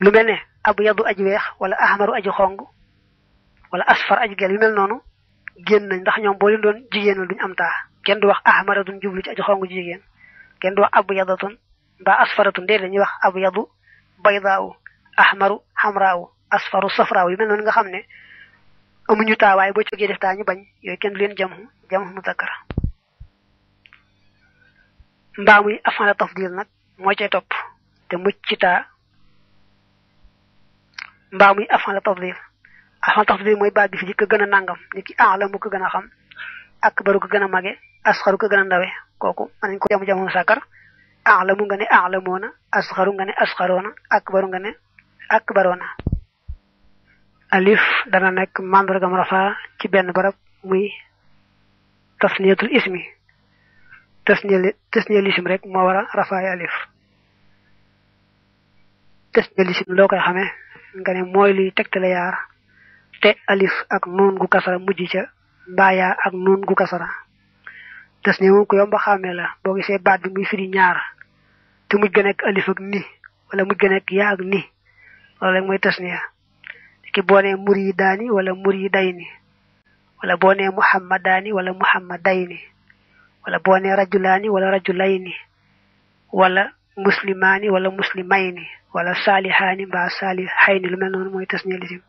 lu mel ne abu yadu aji weex wala ahmaru aji xong wala asfar aji gel yu mel noonu génn nañ ndax ñoom boo leen doon jigéenal duñu am ta kenn du wax ahmaratun jublu ci aji xong ji jigéen kenn du wax abu yadatun mbaa asfaratun déedéet dañuy wax abu yadu baydaawu ahmaru xamraawu asfaru safraawu yu mel noonu nga xam ne amuñu taa waaye boo jógee def ñu bañ yooyu kenn du leen jamu jamu muzakkar mbaa muy afan la tafdil nag moo cay topp te mucc mbaa muy afan la tafdil afan tafdil mooy baat bi fi jëkk gën a nangam ni ki aalamu ko xam akbaru ko gën a mage asxaru ko gën ndawe kooku mën nañ ko jamu jamu sàkkar aalamu nga ne aalamoona asxaru nga ne asxaroona akbaru nga ne akbaroona alif dana nekk mandargam rafa ci barab muy tasniyatul ismi tasniyal tasniyal ism rek moo war a rafaay alif tasniyal ism loo koy nga ne mooy luy tegtale yaar te alif ak nun gu kasara mujj ca baya ak nun gu kasara des ne moom ko yomba xàmmee la boo gisee baat bi muy firi ñaar te mujj ga nekk alif ak ni wala mujj ga nekk yaa ak ni wala rek mooy tasniya ki boo nee muridaani wala muridayni wala boo nee muhammadaani wala muhammadayni wala boo nee rajulaani wala rajulayni wala muslimaani wala muslimayni wala saalihaani mbaa saalihayni lu mel noonu mooy tasniya lisim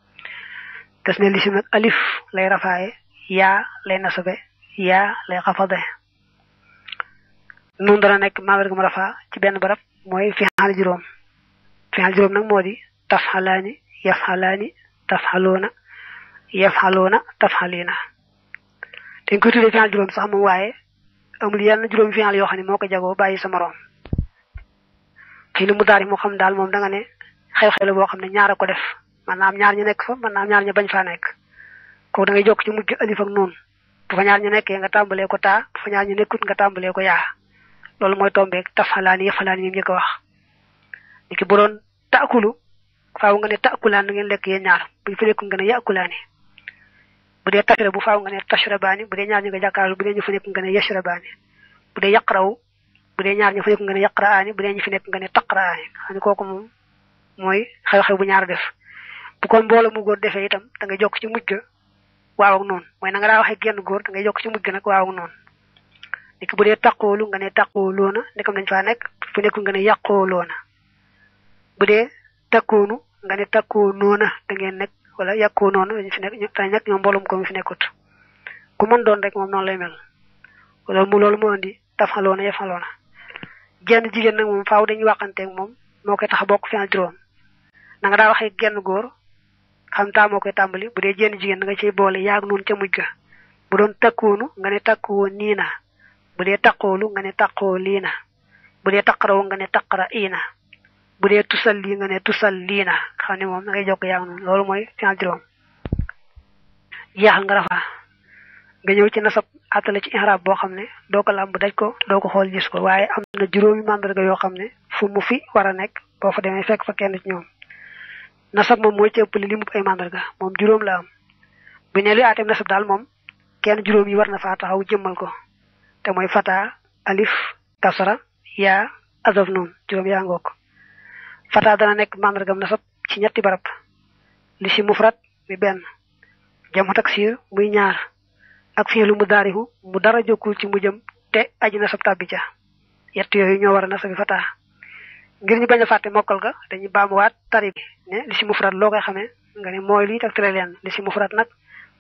tasniya alif lay rafaaye yaa lay nasabe yaa lay xafade nun dana nekk maamar gum rafaa ci benn barab mooy fi xaal juróom fi xaal juróom nag moo di tafxalaani yafxalaani tafxaloona yafxaloona tafxaliina dañ koy tuddee fi juróom sax moom waaye amul juróom fi xaal yoo xam ne moo fi'lu mudari mo xam dal mom da nga ne xew xew la bo xamne ñaara ko def manam ñaar ñu nek fa manam ñaar ñu bañ fa nek ko da ngay jokk ci mujj alif ak nun bu fa ñaar ñu nekké nga tambalé ko ta bu fa ñaar ñu nekkut nga ko ya lolu moy tombé tafalani yafalani ñi ko wax niki bu doon taakulu faaw nga ne taakulan ngeen lek yeen ñaar bu fi nekk nga ne yaakulani bu dee tashra bu faaw nga ne tashrabani bu dee ñaar ñu nga jàkkaaru bu dee ñu fa nekk nga ne yashrabani bu dee yaqraw bu dee ñaar ñu fa yëg nga ne yaqraani bu dee ñu fi nekk nga ne taqraani xam kooku moom mooy xew-xew bu ñaar def bu ko mbooloo mu góor defee itam da nga jokk ci mujj waaw ak noonu mooy na nga daa waxee genn góor da nga jokk ci mujj nag waaw ak noonu dik bu dee taqoolu nga ne taqooloona ndekam dañ faa nekk fu nekkul nga ne yàqooloona bu dee takkoonu nga ne takkoonoona da ngeen nekk wala yàqoonoona ñu fi nekk tane nag ñoom mu ko fi nekkut ku mën doon rek moom noonu lay mel wala mu loolu moo andi tafaloona yafaloona genn jigen nak mom faaw dañuy waxante ak mom moko tax bokk final juróom na nga da waxe genn góor xam taa moo koy bu de genn jigen nga cey boole yaag noonu ca mujj ga bu don takkunu nga ne takkoo nii bu de takkolu nga ne takko liina bu nga ne takra bu de tusal nga ne tusal xam jokk yaag noonu moy final juróom Ya nga rafa nga ñëw ci nasab àttale ci ihraab boo xam ne doo ko làmb daj ko doo ko xool gis ko waaye am na juróomi màndarga yoo xam ne fu mu fi war nekk boo fa demee fekk fa kenn ci ñoom nasab moom mooy ci ëppale li mu ay màndarga moom juróom la am bu ne luy aateem nasab daal moom kenn juróom yi war na faa taxawu jëmmal ko te mooy fata alif kasra yaa azaf noon juróom yaa ngook fata dana nekk màndargam nasab ci ñetti barab li si mufrat mi benn jamu taksir muy ñaar ak fiilu mudarihu mu dara jokul ci mujjam te ajina sa tabbi ca yett ñoo war na sabi fata ngir ñu bañ faté mokal ga dañu baamu tari tarib ne li ci mufrad lo koy xamé nga ne mooy luy tegtale li ci mufrad nak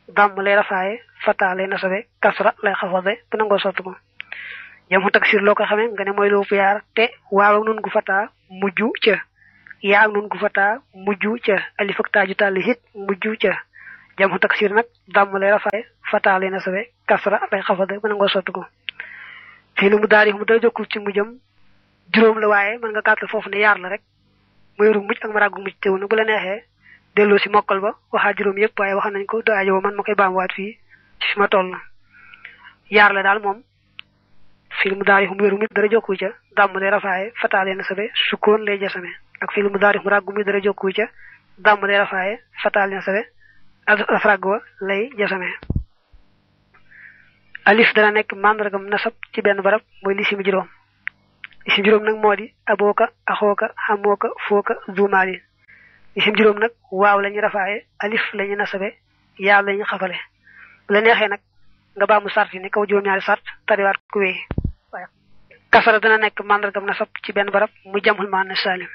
dam lay rafaaye fata lay nasabe kasra lay xafade bu nango sotu ko jamu taksir koy xamé nga ne moy fu yar te waaw ak nun gu fata mujju ca ya nun gu fata mujju ca alif ak taju mujju ca jamu taksir nak dàmm lay rafaay fataale na sobe kasra day xafada man nga sotti ko fii lu mudari mu dara jokkul ci jëm juroom la waye man nga gàttal fofu ne yar la rek moyoru mucc ak maragu mucc teew na bu la neexee delloo si mokkal ba waxaa juroom yep waye waxa nañ ko do ayo man makay bam wat fi ci ma toll yar la dal mom fi lu mudari mu wéru mi dara jokku ci dàmm lay rafaaye fataalee na sobe sukkoon lay jassame ak fi lu mudari mu ràggu mi dara jokku ci dàmm lay rafaaye fataalee na sobe rafrag lay jasame alif dana nek mandragam nasab ci ben barab moy li simi lisimi juróom nag nak modi aboka akhoka amoka foka zumali lisimi juróom nak waw lañu rafaaye alif lañu nasabe ya lañu xafale la neexee nak nga baamu sart yi ne kaw juróom-ñaari sart tariwaat ku wéy kasara dana nek mandragam nasab ci ben barab mu jamul man salim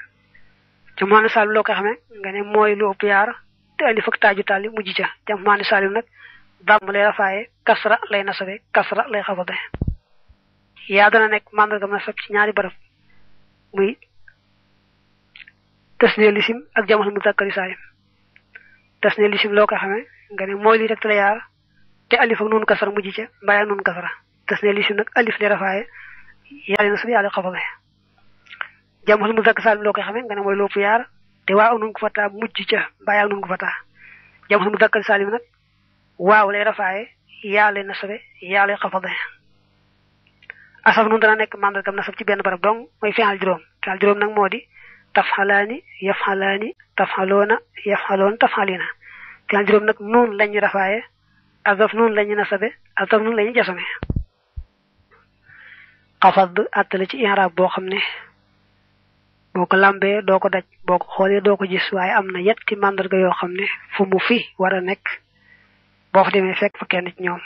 ci man salim lo ko xamé nga ne moy lu ëpp yaara te fak taaju tali mujj ca jam man salim nak dam lay rafaaye kasra lay nasabe kasra lay xafade yaa dana nekk màndargam na sab ci ñaari baraf muy tasniya lisim ak jamono muzakkari salim tasniya lisim lo ko xamee nga ne moy li rek la yaa te alif ak nun kasra mujj ca baye nun kasra tasniya lisim nak alif lay rafaaye yaa lay nasabe yaa lay jamal jamono muzakkari saalim loo ko xamee nga ne moy lo fu yaa te waaw nun ko fataa mujj ca mbaa yaa nun ko fataa jamono mu dakkal saalim nag waaw lay rafaaye yaa lay nasabe yaa lay xafade asaf nun dana nekk màndargam nasab ci benn barab dong mooy fi'al juróom fi'al juróom nag moo di tafxalaani yafxalaani tafxaloona yafxaloon tafxalina fi'al juróom nag nun lañu rafaaye asaf nun lañu nasabe asaf nun lañu jasame xafad àttale ci i'raab boo xam ne boko lambé doko daj boko xolé doko gis way amna yetti mandarga yo xamné fu mu fi wara nek bo fa démé fekk fa kenn ci ñoom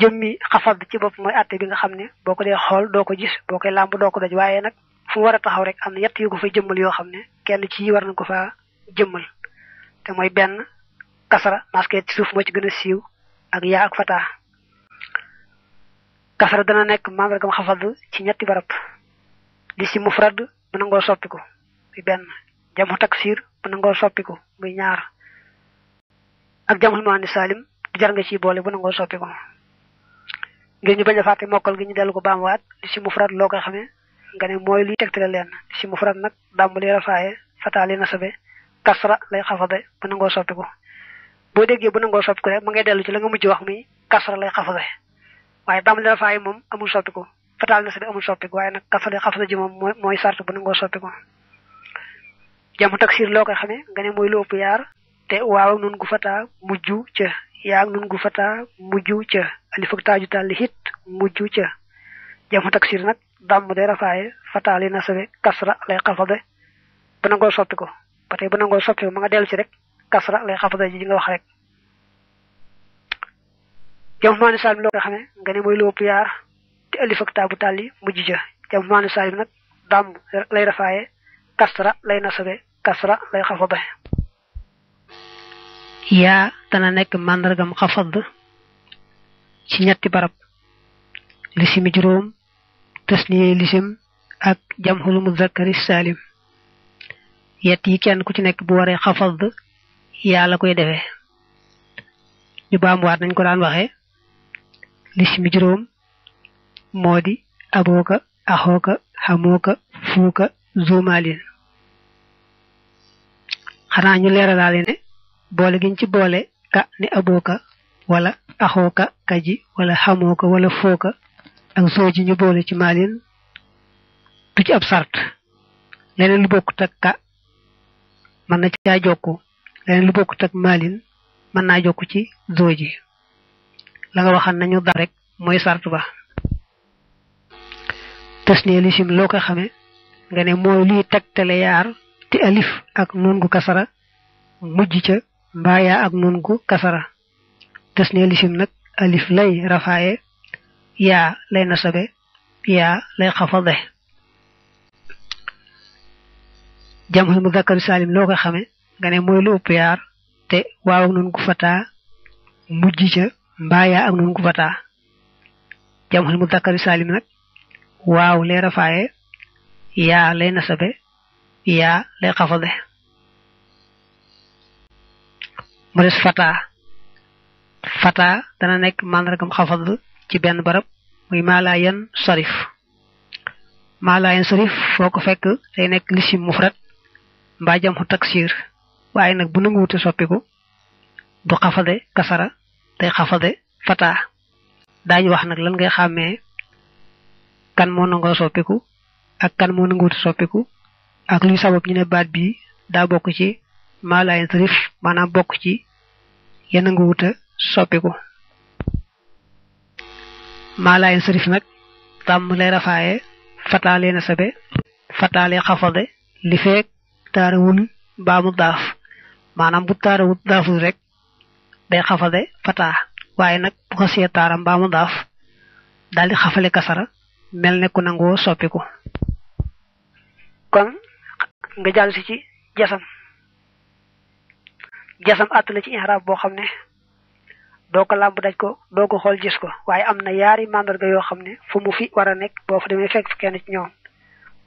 jëmmi xafad ci bop moy atté bi nga xamné boko dé xol doko gis boko lamb doko daj waye nak fu wara taxaw rek amna yetti yu ko fa jëmmal yo xamné kenn ci war nañ ko fa jëmmal té moy ben kasara parce que ci suuf mo ci gëna siiw ak ya ak fatah kasra dana nek gam xafal ci ñetti barap di ci mufrad bu nango soppiku bi ben jamu taksir bu nango soppiku bi ñaar ak jamu mani salim di jar nga ci boole bu nango soppiku ngir ñu bañu faati mokal gi ñu delu ko waat di ci mufrad lo ko nga ne moy li tektale len di mufrad nak li rafaaye fatali nasabe kasra lay xafade bu nango soppiku bo déggee bu nangoo soppiku rek ma ngay delu ci la nga mujj wax mi kasra lay xafade waaye bamul la fay mom amul soppi ko fatal na amun amul soppi ko waaye nag kafale xafla ji mom moy sart bu nango soppi ko jamu taksir lo koy xamé gané moy lopp yar té waaw nun gu fata mujju ca yaag nun gu fata mujju juta lihit fuk taju tal hit mujju ci jamu taksir dam de rafaay fatali na nasabe kasra lay xafade bu nango soppi ko patay bu nango soppi ma nga del ci rek kasra lay xafade ji nga wax rek jam maanu salim lo nga xamé nga né moy lopp yaar ci alif ak tabu tali mujj ja jam maanu salim nak dam lay rafaye kasra lay nasabe kasra lay khafada ya dana nek mandargam khafad ci ñetti barab simi juroom tasniye sim ak jamhul muzakkar salim yett kenn ku ci nek bu waré khafad ya la koy defee ñu baam waat nañ ko daan waxé lismi juróom moo di abooka axooka xamooka fuuka zumaalin xanaa ñu leeralaale ne boole giñ ci boole ka ni abooka wala axooka kaji wala xamooka wala fuuka ak zooji ñu boole ci maalin du ci ab sart leneen lu bokkut ka mën na caa jokku leneen lu bokkut ak maalin mën naa jokku ci zooji la nga waxan nañu dal rek mooy sart ba tasniya lisim loo ko xame nga ne mooy luy tegtale yaar te alif ak nun kasara mujj ca mbaa yaa ak nun gu kasara tasniya lisim nag alif lay rafaaye yaa lay nasabe yaa lay xafade jamxul mudakkar saalim loo ko xame nga ne mooy lu ëpp yaar te waaw nun gu fataa mujj ca mbaaya am nun ko fata jamul mudhakkar salim nak waaw lay rafaaye yaa lay nasabe yaa lay xafade mu des fata fata dana nekk màndargam xafad ci benn barab muy maalayan sarif maalayan sarif foo ko fekk day nekk lisim mufrat mbaa jam taksir waaye nag bu nanguwute soppiku du xafade kasara tey xafade fata daañu wax na lan ngay xàmmee kan moo nangoo soppiku ak kan moo nanguwut soppiku ak luy sabab ñu baat bi daa bokk ci maalayen sarif maanaam bokk ci ya nanguwuta soppiku maalayen sarif nag tàmm lay rafaaye fataalee na sabe fataalee xafade li feek taarawul baa mu daaf maanaam bu taarawul daaful rek day xafade fata waaye nag bu xasee taaram mbaa mu daaf daal di xafale kasara mel ne ku nangoo soppiku kon nga jàll si ci jasam jasam àtt la ci ihraab boo xam ne doo ko làmb daj ko doo ko xool gis ko waaye am na yaari màndarga yoo xam ne fu mu fi war a nekk boo fa demee fekk kenn ci ñoom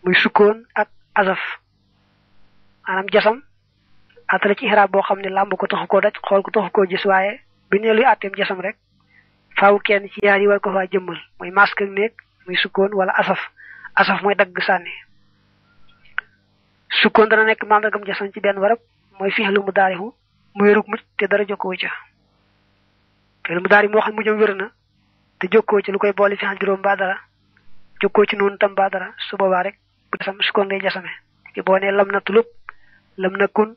muy sukkoon ak azaf maanaam jasam àttale ci iraab boo xam ne làmb ko taxu koo daj xool ko taxu koo gis waaye bi nee luy àtteem jasam rek faaw kenn ci yaar yi war ko faa jëmmal muy masque ak sukkoon wala asaf asaf mooy dagg sànni sukkoon dana nekk mandargam jasam ci benn warab mooy fi'lu mudaari'u mu wérug te dara jokkoo na te ci lu koy boole fi'il juróom mbaa dara jokkoo ci noonu tam mbaa dara su boobaa rek bu jasam sukkoon lay jasame te boo tulub lam kun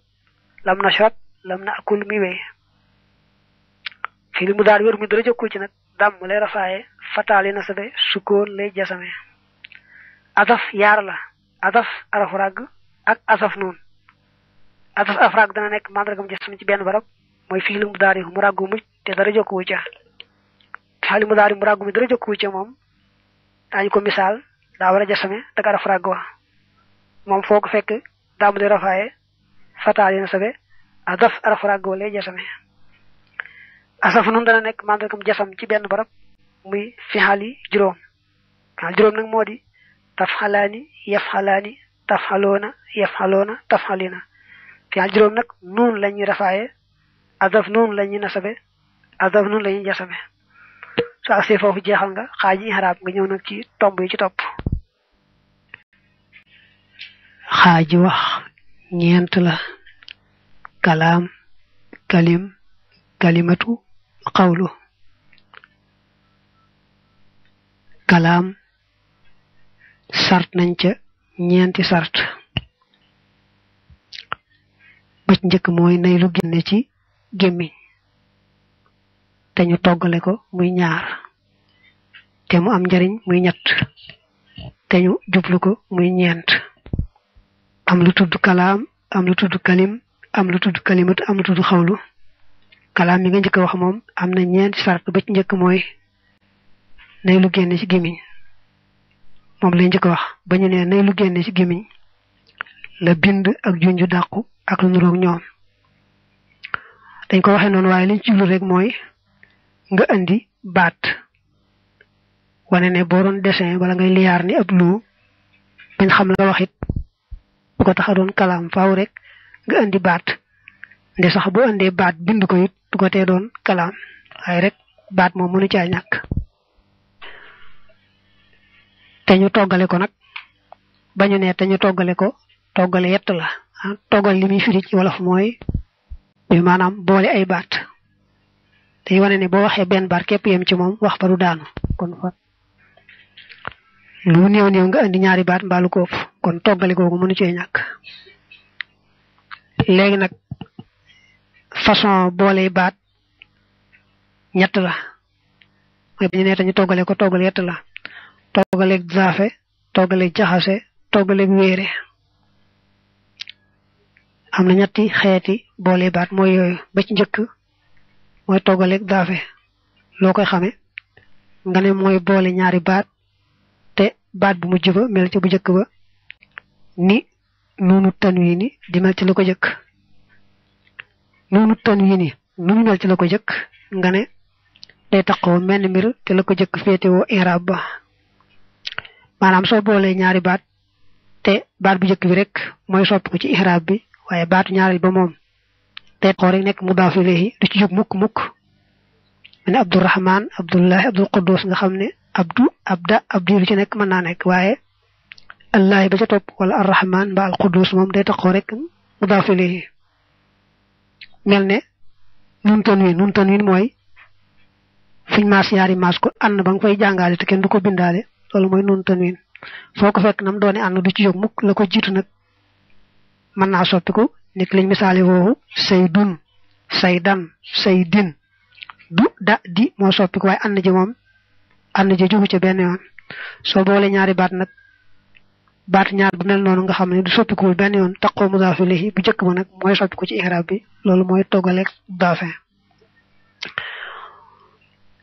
lam nashrab lam naakul mi wey fil mudaari war mi dara jokku ci nak dam lay rafaaye na sabe sukoon lay jasame adaf yar la adaf araf ràgg ak asaf noon adaf afrag ràgg dana nekk màndargam jasam ci ben barok moy fil mudaari mu ragu mu te dara jokku ca xaali mudaari mu ragu mi dara jokku ca mom tan ko misal da wara a jasame dak araf ràgg wa mom foko fek dam lay rafaaye fataal fataaleen sabe adaf araf ràggoole asaf asafanun dana nekk màndargam jasam ci benn barab muy fixali juróom fixal juróom nag moo di tafxalaani yafxalaani tafxaloona yafxaloona tafxalina fixal juróom nag nuun la ñuy rafaaye adaf nuun la ñuy nasabe adaf nuun la ñuy jasame su agsee foofu jeexal nga xaaji ihraab nga ñëw nag ci tomb yi ci topp xaaji wax ñent la kalam kalim kalimatu qawlu kalam sart nañ ca ñenti sart ba ci njëkk mooy nay lu génne ci gémmiñ te ñu toggale ko muy ñaar te mu am njariñ muy ñett te ñu jublu ko muy ñeent am lu kalam, kalaam am lu kalim am lu tudd kalimat am lu tudd xawlu kalaam yi nga njëkk wax moom am na ñeenti sart ba ci njëkk mooy nay lu génne ci gémmiñ moom lay njëkk wax ba ñu ne nay lu génne ci gémmiñ la bind ak junju dàqu ak lu nuroog ñoom dañ ko waxe noonu waaye liñ ci lu rek mooy nga andi baat wane ne boo doon dessin wala ngay liyaar ni ab lu xam la waxit bu ko taxadon kalam faaw rek nga andi baat ndé sax bu andé baat bind ko it du ko té don kalam ay rek baat mo mënu ci ñak té ñu togalé ko nak bañu né té ñu togalé ko togalé yett la ah, togal limi firi ci wolof moy ñu manam boole ay baat day wone bo ben bar képp yem ci mom wax ba du daanu kon fa lu mu néew nga indi ñaari baat mbaalu ko kon toggale googu mënu cee ñàkk léegi nag façon boole baat ñett la mooy bu ñu nee ko toggale yett la toggaleeg zaafe toggaleeg jaxase toggaleeg wéere am na ñetti xeeti boole baat mooy yooyu ba ci njëkk mooy toggaleeg zaafe loo koy xame nga baat baat bu mujj ba mel ci bu jëkk ba ni nunu ni di mel ci lu ko jëkk nunu ni nu mel ci lako ko jëkk nga ne day taxaw mel mir te lako ko fete wo irab ba maanaam soo boolee ñaari baat te baat bu jëkk bi rek moy sopp ko ci ihrab bi waye baat ñaareel ba mom te taxaw rek nekk mudaaf lehi du ci jóg mukk mukk ne abdurrahman abdullah abdul qudus nga xamne abdu abda abdi ci nek man na nek waye allah ba ca top wala arrahman ba al qudus mom day taxo rek mudaf melne nun wi nun wi moy fiñ mas yaari mas ko and ba nga fay jangale te ken du ko bindale lolu moy nun wi foko fek nam doone and du ci yok muk lako jitu nak man na soppiku nek liñ misale wo saydun saydan saydin du da di mo soppiku way and ji mom ànd ja jubu ci benn yoon soo boole ñaari baat nag baat ñaar bu mel noonu nga xam ne du soppikuwul benn yoon taqoo mudaafu ilayhi bu jëkk ba nag mooy soppiku ci ixraab bi loolu mooy toggaleeg daafin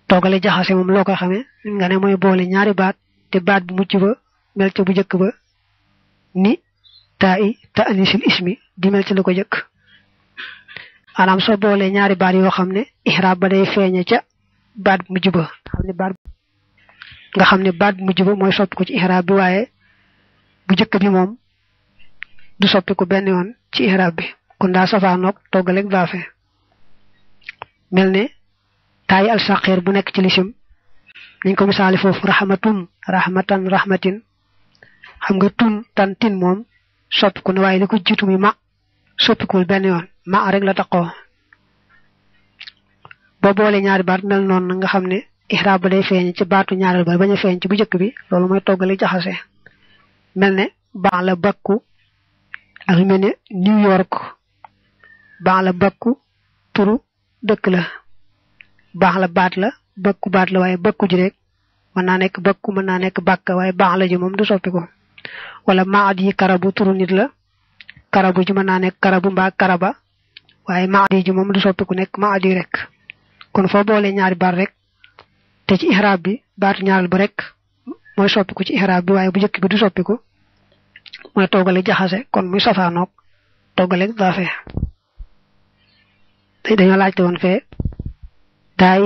toggale jaxase moom loo ko xamee nga ne mooy boole ñaari baat te baat bu mucc ba mel ca bu jëkk ba ni taa i ta anisil ismi di mel ca la ko jëkk maanaam soo boole ñaari baat yoo xam ne ixraab ba day feeñe ca baat bu mujj ba xam ne baat nga xam ne baat bu mujj ba mooy soppi ko ci ihraab bi waaye bu njëkk bi moom du soppi ko benn yoon ci ihraab bi kon daa safaanoog toggaleeg baafe mel ne bu nekk ci lisim niñ ko misaali foofu rahmatum rahmatan rahmatin xam nga tun moom soppiku ne waaye li ko jiitu mi ma soppikuwul benn la taqoo boo ñaari baat mel noonu nga xam ne ihraab ba day feeñ ci baatu ñaareel ba bañ a feeñ ci bu njëkk bi loolu mooy toggale jaxase mel ne baax la bakku ak mel ne New York baax la bakku turu dëkk la baax la baat la bakku baat la waaye bakku ji rek mën naa nekk bakku mën naa nekk bàkk waaye baax la ji moom du soppi ko wala maat yi karabu turu nit la karabu ji mën naa nekk karabu mbaa karaba waaye maat yi ji moom du soppi ku nekk maat yi rek kon foo boole ñaari baat rek te ci ihraab bi baatu ñaareel ba rek mooy soppiku ci ihraab bi waaye bu njëkk bi du soppiku mooy toggale jaxase kon muy safaanoog toggale daafe tey dañoo laajte woon fee daay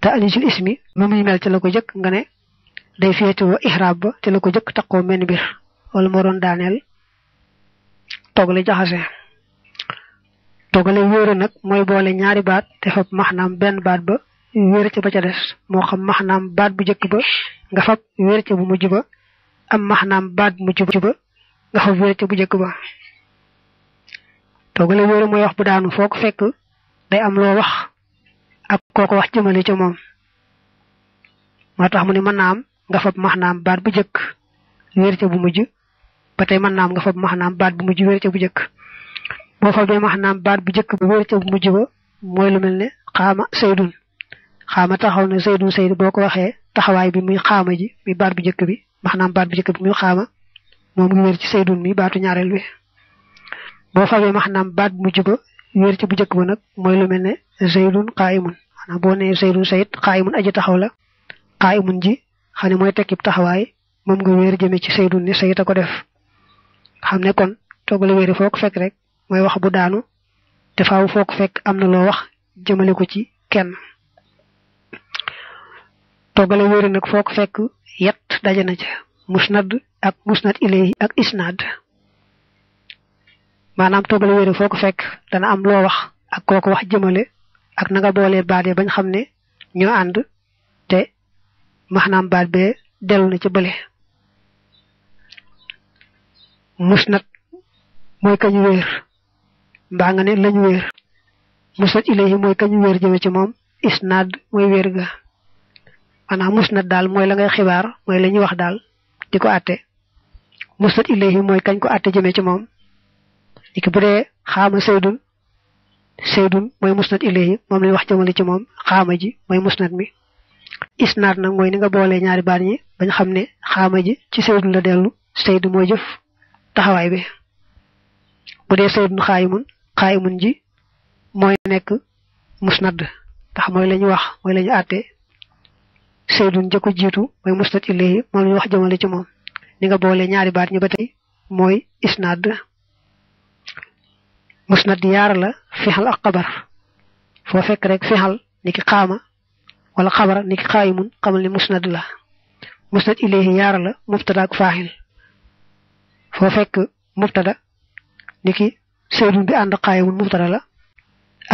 te alisul ismi nu muy mel ci la ko jëkk nga ne day féetewoo ihraab ba ci la ko jëkk taqoo men bir wala moo doon daaneel toggale jaxase toggale wóore nag mooy boole ñaari baat te fab maxnaam benn baat ba wér ca ba ca des moo xam maxnaam baat bu njëkk ba nga fab wér bu mujj ba am maxnaam baat bu mujj ba nga fab wér bu njëkk ba toogale wéeru mooy wax bu daanu foo ko fekk day am loo wax ak koo ko wax jëmale ca moom moo tax mu ne mën naa am nga fab maxnaam baat bu njëkk wér bu mujj ba tey mën naa am nga fab maxnaam baat bu mujj wér ca bu njëkk boo fabee maxnaam baat bu njëkk ba wér bu mujj ba mooy lu mel ne xaama xaama taxaw na Seydou Seydou boo ko waxee taxawaay bi muy xaama ji muy baat bu jëkk bi maanaam baat bu njëkk bi muy xaama moom ngi wér ci Seydou mi baatu ñaareel bi boo fawee maanaam baat bu mujj ba wér ci bu jëkk ba nag mooy lu mel ne Seydou qaayimun maanaam boo nee Seydou Seyd qaayimun aji taxaw la qaayimun ji xam mooy tekkib taxawaay moom nga wéer jëmee ci Seydou ni Seyd a ko def xam ne kon toggale wéeri foo ko fekk rek mooy wax bu daanu te faaw foo am na loo wax jëmale ko ci kenn. toggale wéeru nag foo ko fekk yett daje na ca musnad ak musnad ilayhi ak isnad maanaam toggale wéeru foo ko fekk dana am loo wax ak koo ko wax jëmale ak na nga boolee bañ xam ne ñoo ànd te maanaam baat bee dellu na ca bële musnad mooy kañ wéer mbaa nga ne lañ wéer musnad ilayhi kañ wéer jëme ci moom isnad mooy wéer ga maanaam musnad daal mooy la ngay xibaar mooy la ñuy wax daal di ko àtte musnad ilayhi mooy kañ ko àtte jëmee ci moom léegi bu dee xaama saydun saydun mooy musnad ilayhi moom lañ wax jëmale ci moom xaama ji mooy musnad mi isnaad na mooy ni nga boolee ñaari baat ñi bañ xam ne xaama ji ci saydun la dellu saydu mooy jëf taxawaay bi bu dee saydun xaayimun xaayimun ji mooy nekk musnad ndax mooy la wax mooy la ñu àtte saydun jëko jiitu mooy mustad ilayhi moom lañu wax jëmale ci moom ni nga boole ñaari baat ñu ba tey mooy isnad musnad yaar la fixal ak xabar foo fekk rek fihal niki xaama wala xabar niki xaayimun xamal ni musnad la musnad ilayhi yaar la muftada ak faaxil foo fekk niki saydun bi ànd xaayimun mubtada la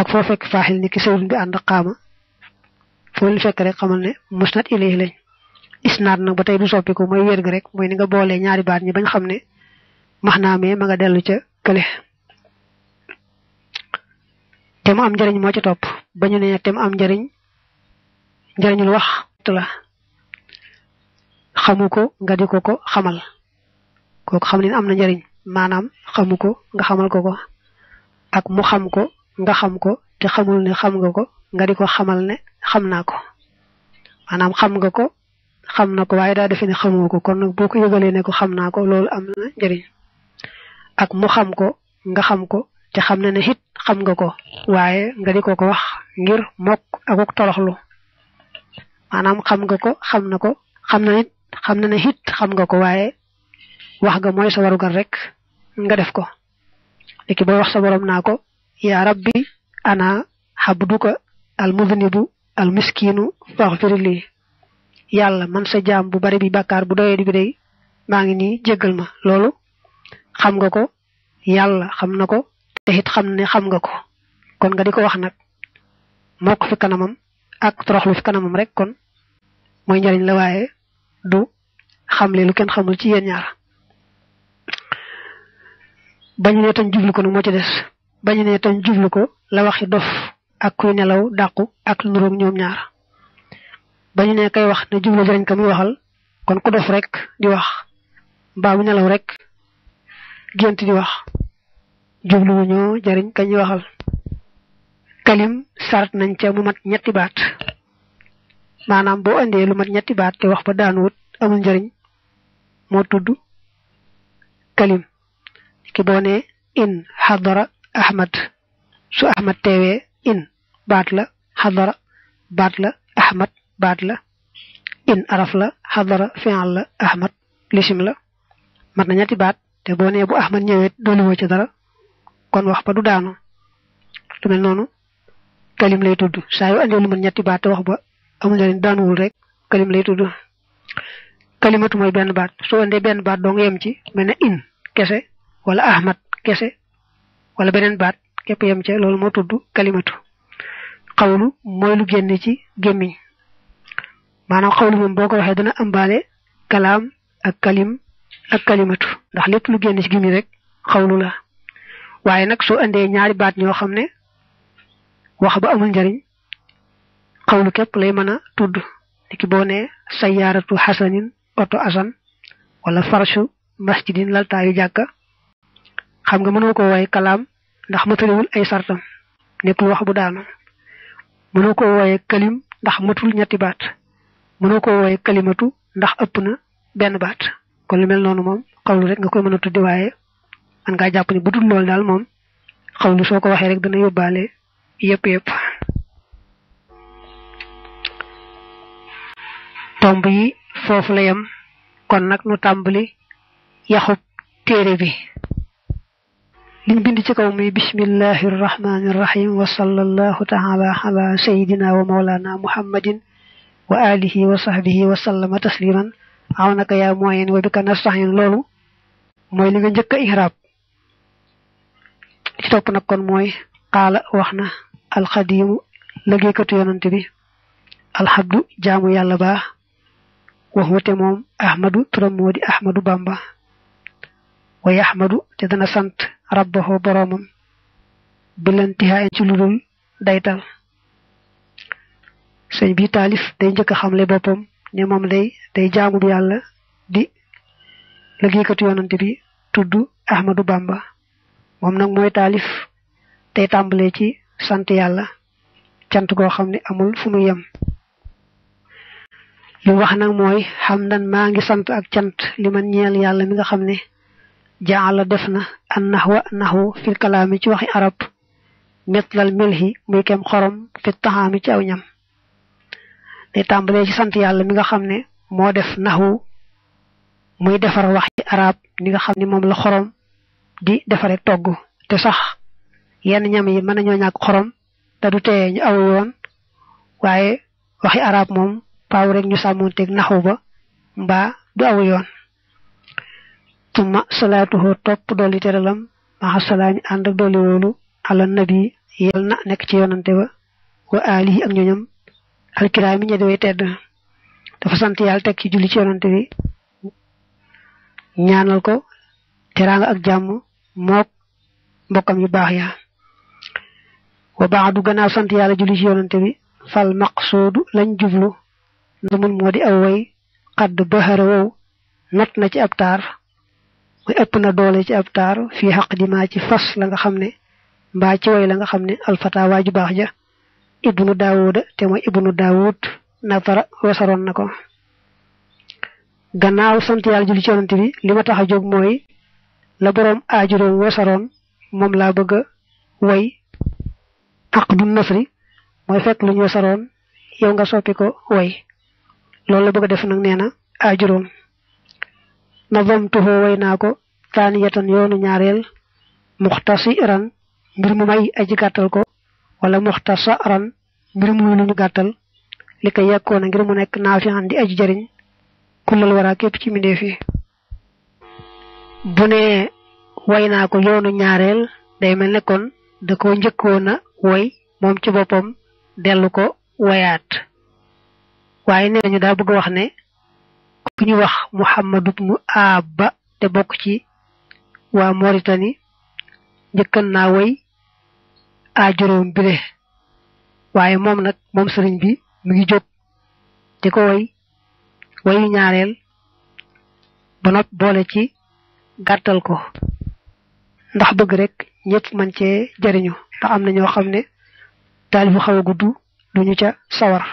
ak foo fekk niki saydun bi ànd xaama lu fekk rek xamal ne musnad ilayhi lañ isnad nak batay du ko moy wër rek moy ni nga boole ñaari baat ñi bañ xam ne me ma nga delu ca kele te am njariñ mo ci top bañu ne tem am njariñ njariñul wax tula xamuko nga di ko xamal kooku xamni am na njariñ manam xamuko nga xamal ko ak mu xam ko nga xam ko te xamul ne xam nga ko nga di ko xamal ne xam naa ko maanaam xam nga ko xam na ko waaye daa defe ne xamoo ko kon nag boo ko yëgalee ne ko xam naa ko loolu am na njëriñ ak mu xam ko nga xam ko te xam na ne it xam nga ko waaye nga ko ko wax ngir mokk akuk xam nga ko xam na ko xam na xam na ne it xam nga ko waaye wax nga mooy sa warugal rek nga def ko léegi bo wax sa naa ko yaa ana xabduka almudnibu almiskinu faxfir lii yàlla man sa jaam bu bari bi bàkkaar bu doyee bi day maa ngi ni jéggal ma loolu xam nga ko yàlla xam na ko te it xam ne xam nga ko kon nga di ko wax nag mokk fi kanamam ak toroxlu fi kanamam rek kon mooy njariñ la waaye du xamle lu kenn xamul ci yéen ñaar bañ ne tam jublu ko nu moo ci des bañu ne tan jublu ko la waxi dof ak kuy nelaw dàqu ak nuroog ñoom ñaar bañu ne kay wax na jublu jariñ ko muy waxal kon ku dof rek di wax mbaa mu nelaw rek gént di wax jublu ñu jariñ kañ waxal kalim sart nañ ca mu mat ñetti baat maanaam boo andee lu mat ñetti baat te wax ba daanuwut amul njariñ moo tudd kalim ki boo ne in hadara ahmad su ahmad tewe in batla hadara batla ahmad batla in araf la hadara fi'al ahmad lisim la mat na ñati bat te bo ne bu ahmad ñewé do wo ci dara kon wax pa du daanu lu mel nonu kalim lay tuddu sa yu ande lu mën ñati bat wax ba amul leen wul rek kalim lay tuddu kalimatu moy ben bat so ande ben bat do nga yem ci in kesse wala ahmad kesse wala beneen baat képp yem ca loolu moo tudd kalimatu xawlu mooy lu génn ci gémmiñ maanaam xawlu moom boo ko waxee dana ambaale kalaam ak kalim ak kalimatu ndax lépp lu génn ci gémmiñ rek xawlu la waaye nag soo indee ñaari baat ñoo xam ne wax ba amul njariñ xawlu képp lay mën a tudd niki boo nee sayaaratu xasanin oto asan wala farsu masjidin laltaayu jàkka xam nga mënoo ko wooye kalaam ndax mataliwul ay sartam nekkul wax bu daanu mënoo ko wooye kalim ndax matul ñetti baat mënoo ko wooye kalimatu ndax ëpp na benn baat kon lu mel noonu moom xawlu rek nga koy mën a tuddi waaye xam ngaa jàpp ne bu dul daal moom xawlu soo ko waxee rek dana yóbbaale yépp yëpp tomb yi foofu la yem kon nag nu tàmbali yaxub téere bi li bind ci kaw mi bismillahir rahmanir rahim wa sallallahu ta'ala ala sayidina wa maulana muhammadin wa alihi wa sahbihi wa sallama tasliman awna ya moyen wa bika sahin lolu moy li nga jëk ihrab ci top nak kon moy qala waxna al qadim lagi katu yonent bi al habdu jamu yalla ba wa huwa mom ahmadu turam modi ahmadu bamba wa yahmadu te sant rabbahu boromam bilantiha ci ludul daytal sëñ bi taalif day njëkk xamle boppam ne mom day day jaamu bi yalla di liggéeykatu yonante bi tuddu ahmadu bamba mom nak moy taalif tay tàmbalee ci sant yalla cant go xamni amul fu mu yam li wax nak moy xam nan ngi sant ak cant liman ñeel yalla mi nga xamne jaala def na an nahu fil kalaami ci arab mitlal milhi muy kem xorom fi taxaami ci aw ñam day tàmbalee ci sant yàlla def nahu muy defar arab ni nga xam di defare togg te sax yenn ñam yi mën nañoo ñàkk wae te arab moom paaw rek ñu sàmmonteeg naxu ba mbaa tuma salatuhu top doli teralam ma salani and ak doli wolu ala nabi yalna nek ci yonante ba wa alihi ak ñoñam al kirami ñe dewe tedd dafa sant yalla tek ci julli ci yonante bi ñaanal ko teranga ak jamm mok mbokam yu bax ya wa ba'du gana sant yalla julli ci yonante bi fal maqsud lañ jublu ndumul modi aw way qad bahara nat ci abtar moy ëpp na doole ci ab taaru fi haq di ma ci fas la nga xamne mba ci way la nga xamne al fatawa ju bax ja ibnu daawud te moy ibnu daawud natara wasaron nako gannaaw sant yalla julli ci yonent bi lima taxa jog moy la borom aajuro wasaron mom la bëgg way aqdu nasri moy fekk lu ñu wasaron yow nga soppi ko way loolu la bëgg def nak neena aajuroom nazamtuhu wayna ko taniyatan yoonu ñaarel muhtasiran mbir mu may aji gàttal ko wala muhtasaran mbir mu ñu gàttal li ko na ngir mu nekk naafi andi aji jariñ kulal wara képp ci mindee fi bu ne wayna ko yoonu ñaarel day mel kon da ko njëkkoona way moom ci boppam dellu ko wayaat waaye nee nañu bëgg wax ne ku ñu wax Muhammad ibnu Abba te bokk ci waa Moritani njëkkan naa woy aajuróom bile waaye moom nag moom sëriñ bi mu ngi jóg di ko woy woyu ñaareel ba nopp boole ci gàttal ko ndax bëgg rek ñëpp man cee jariñu ndax am na ñoo xam ne taal bu xaw a gudd duñu ca sawar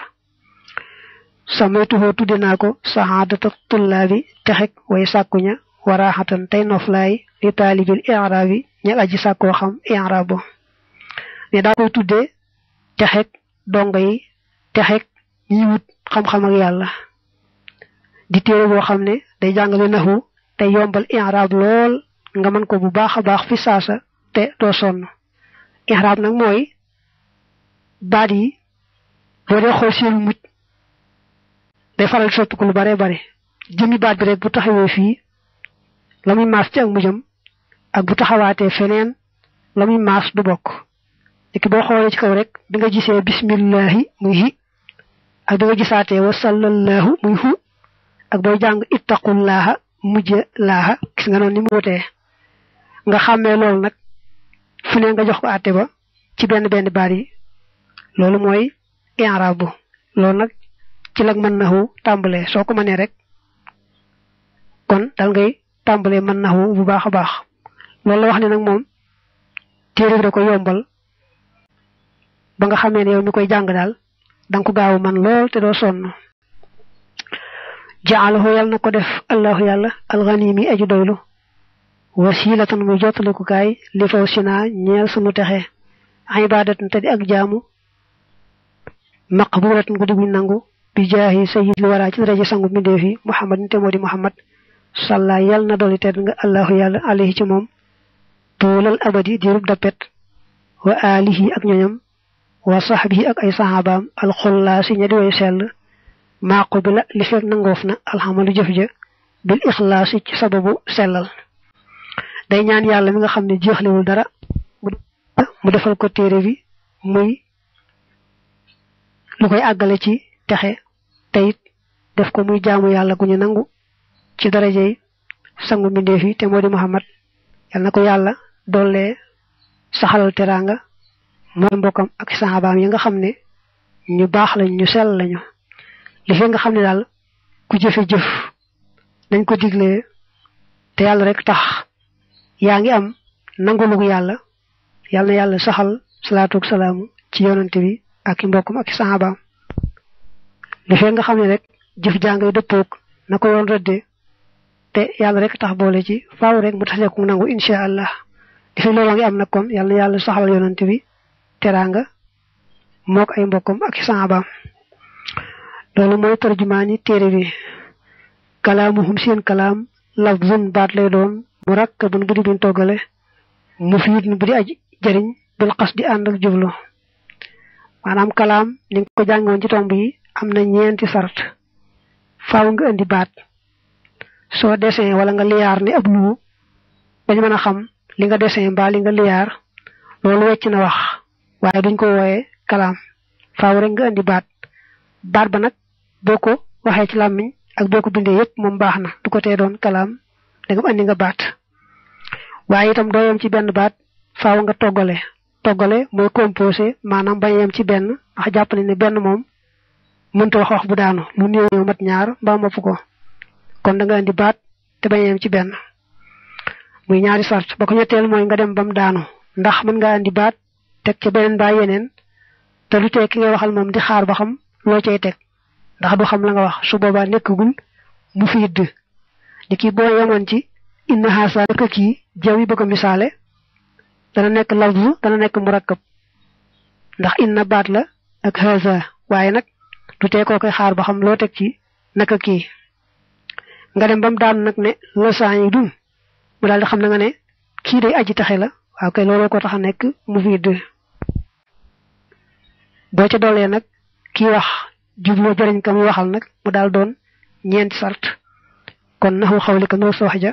samaytuhoo tudde naa ko saxaadata tullaabi texeg way sàkkuña waraaxatan tey noflaay li taalibil i'raab yi ñel aji sàkkoo xam i'raab bo ne daa koy tudde texeg dongo yi texeg ñi xam-xam ak yàlla di téere boo xam ne day jàngale naxu te yombal i'raab lool nga ko bu baax a baax fi saasa te doo sonn i'raab nag mooy baat yi boo xool seenu mucc day faral di bare bare jëmmi baat bi rek bu taxawee fii la muy maas ci ak mujjam ak bu taxawaatee feneen la muy maas du bokk léegi boo xoolee ci kaw rek bi nga gisee bismillahi muy hi ak bi nga gisaatee wa sallallahu muy hu ak booy jàng ittaqullaaha mujje laaha gis nga noonu ni mu wutee nga xàmmee loolu nag fu ne nga jox ko àtte ba ci benn benn baat yi loolu mooy i'raab bu loolu nag ci lag mën naxu tàmbalee soo ko manee rek kon dal ngay tàmbalee man naxu bu baax a baax loolu la wax ne nag moom téere bi da ko yombal ba nga xamee ne yow mi koy jàng daal danga gaaw man lool te doo sonn jaalahu yàlla na ko def allahu yàlla alxanimi aju doylu wasilatan muy jottaliku kaay li faw sinaa ñeel sunu texe ibadatan te di ak jaamu maqbulatan guddi guñ nangu bi jaahi sayyidil waraa ci daraja sangu mbindeef yi muhammadin te moo muhammad sàllaa yàlla na dolli nga allahu yàlla alayhi ci moom toolal abadi diirub dappet wa alihi ak ñoñam wa sahbihi ak ay sahabaam alxullaa si ña di way sell maaqu bi li fekk nangoof na alxamalu jëf ja bil ixlaasi ci sababu sellal day ñaan yàlla mi nga xam ne jeexlewul dara mu defal ko téere muy lu koy àggale ci texé tayit def ko muy jaamu yàlla gu ñu nangu ci darajey sangu mbindeef yi te moo muhammad yàlla na ko yàlla doole saxalal teranga, mooy mbokam ak sahabaam yi nga xam ne ñu baax lañ ñu sell lañu li fi nga xam ne daal ku jëfe jëf dañ ko diglee te yàlla rek tax yaa ngi am nangulug yàlla yàlla na yàlla saxal salaamu ci yonante ak ak sahabaam li fe nga xamne rek jëf jangay dëppook nako yoon rëdde te yalla rek tax boole ci faaw rek mu ko nangu insha allah li fe loolu ngi am nak kon yalla yalla saxal yonent bi teranga mok ay mbokum ak sahabaam loolu moy tarjumaani téré bi kalaamuhum seen kalaam lafzun baat lay doon murakkabun budi mu togale mufidun budi aji jariñ bil qasdi and ak jublu manam kalaam ni ko jangewon ci tomb yi amna ñeenti sart faaw nga andi baat soo dessin wala nga liyaar ni ab nu dañ mën a xam li nga dessin ba li nga liyaar loolu wecc na wax waaye duñ ko wooye kalaam faaw rek nga andi baat baat ba nag boo ko waxee ci làmmiñ ak boo ko bindee yépp moom baax na du ko tee doon kalaam nga andi nga baat waaye itam doo ci benn baat faaw nga toggale toggale mooy composé maanaam bañ yem ci benn ndax jàpp ne benn moom mën wax wax bu daanu lu néew mat ñaar mbaa mopp ko kon da nga andi baat te bañ ci benn muy ñaari sart ba ko ñetteel mooy nga dem bam daanu ndax mën nga andi baat teg ci beneen baa yeneen te lu tee ki nga waxal moom di xaar ba xam loo cay teg ndax du xam la nga wax su boobaa nekkagul mu di ki boo yemoon ci inna haasa naka kii jawi yi bëgg misaale dana nekk lafzu dana nekk murakkab ndax inna baat la ak haasa waaye nag du tee koo koy xaar ba xam loo teg ci naka kii nga dem ba mu daanu nag ne losaan yi dun mu daal di xam na nga ne kii day aji taxe la waaw kay looloo ko tax nekk mu fiid boo ca doolee nag kii wax jubloo jëriñ ka mu waxal nag mu daal doon ñeenti sart kon naxu xawli ka noo soox ja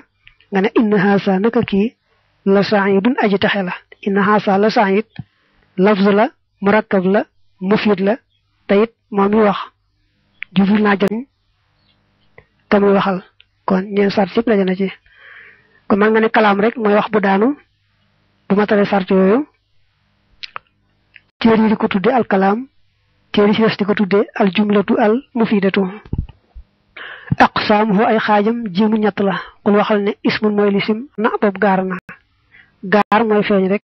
nga ne inna haasa naka kii la yi dun aji taxe la inna haasa la saa lafz la murakkab la mufid la tayit momi wax jublu na jëm kam waxal kon ñeen ci yépp na ci kon man nga ne kalam rek moy wax bu daanu bu sar ci yoyu téri ko tuddé al kalam téri ci rest ko tuddé al jumlatu al mufidatu aqsamu ay jimu ñatt la kon waxal ne ismun moy lisim na bob Garna gar moy feñ rek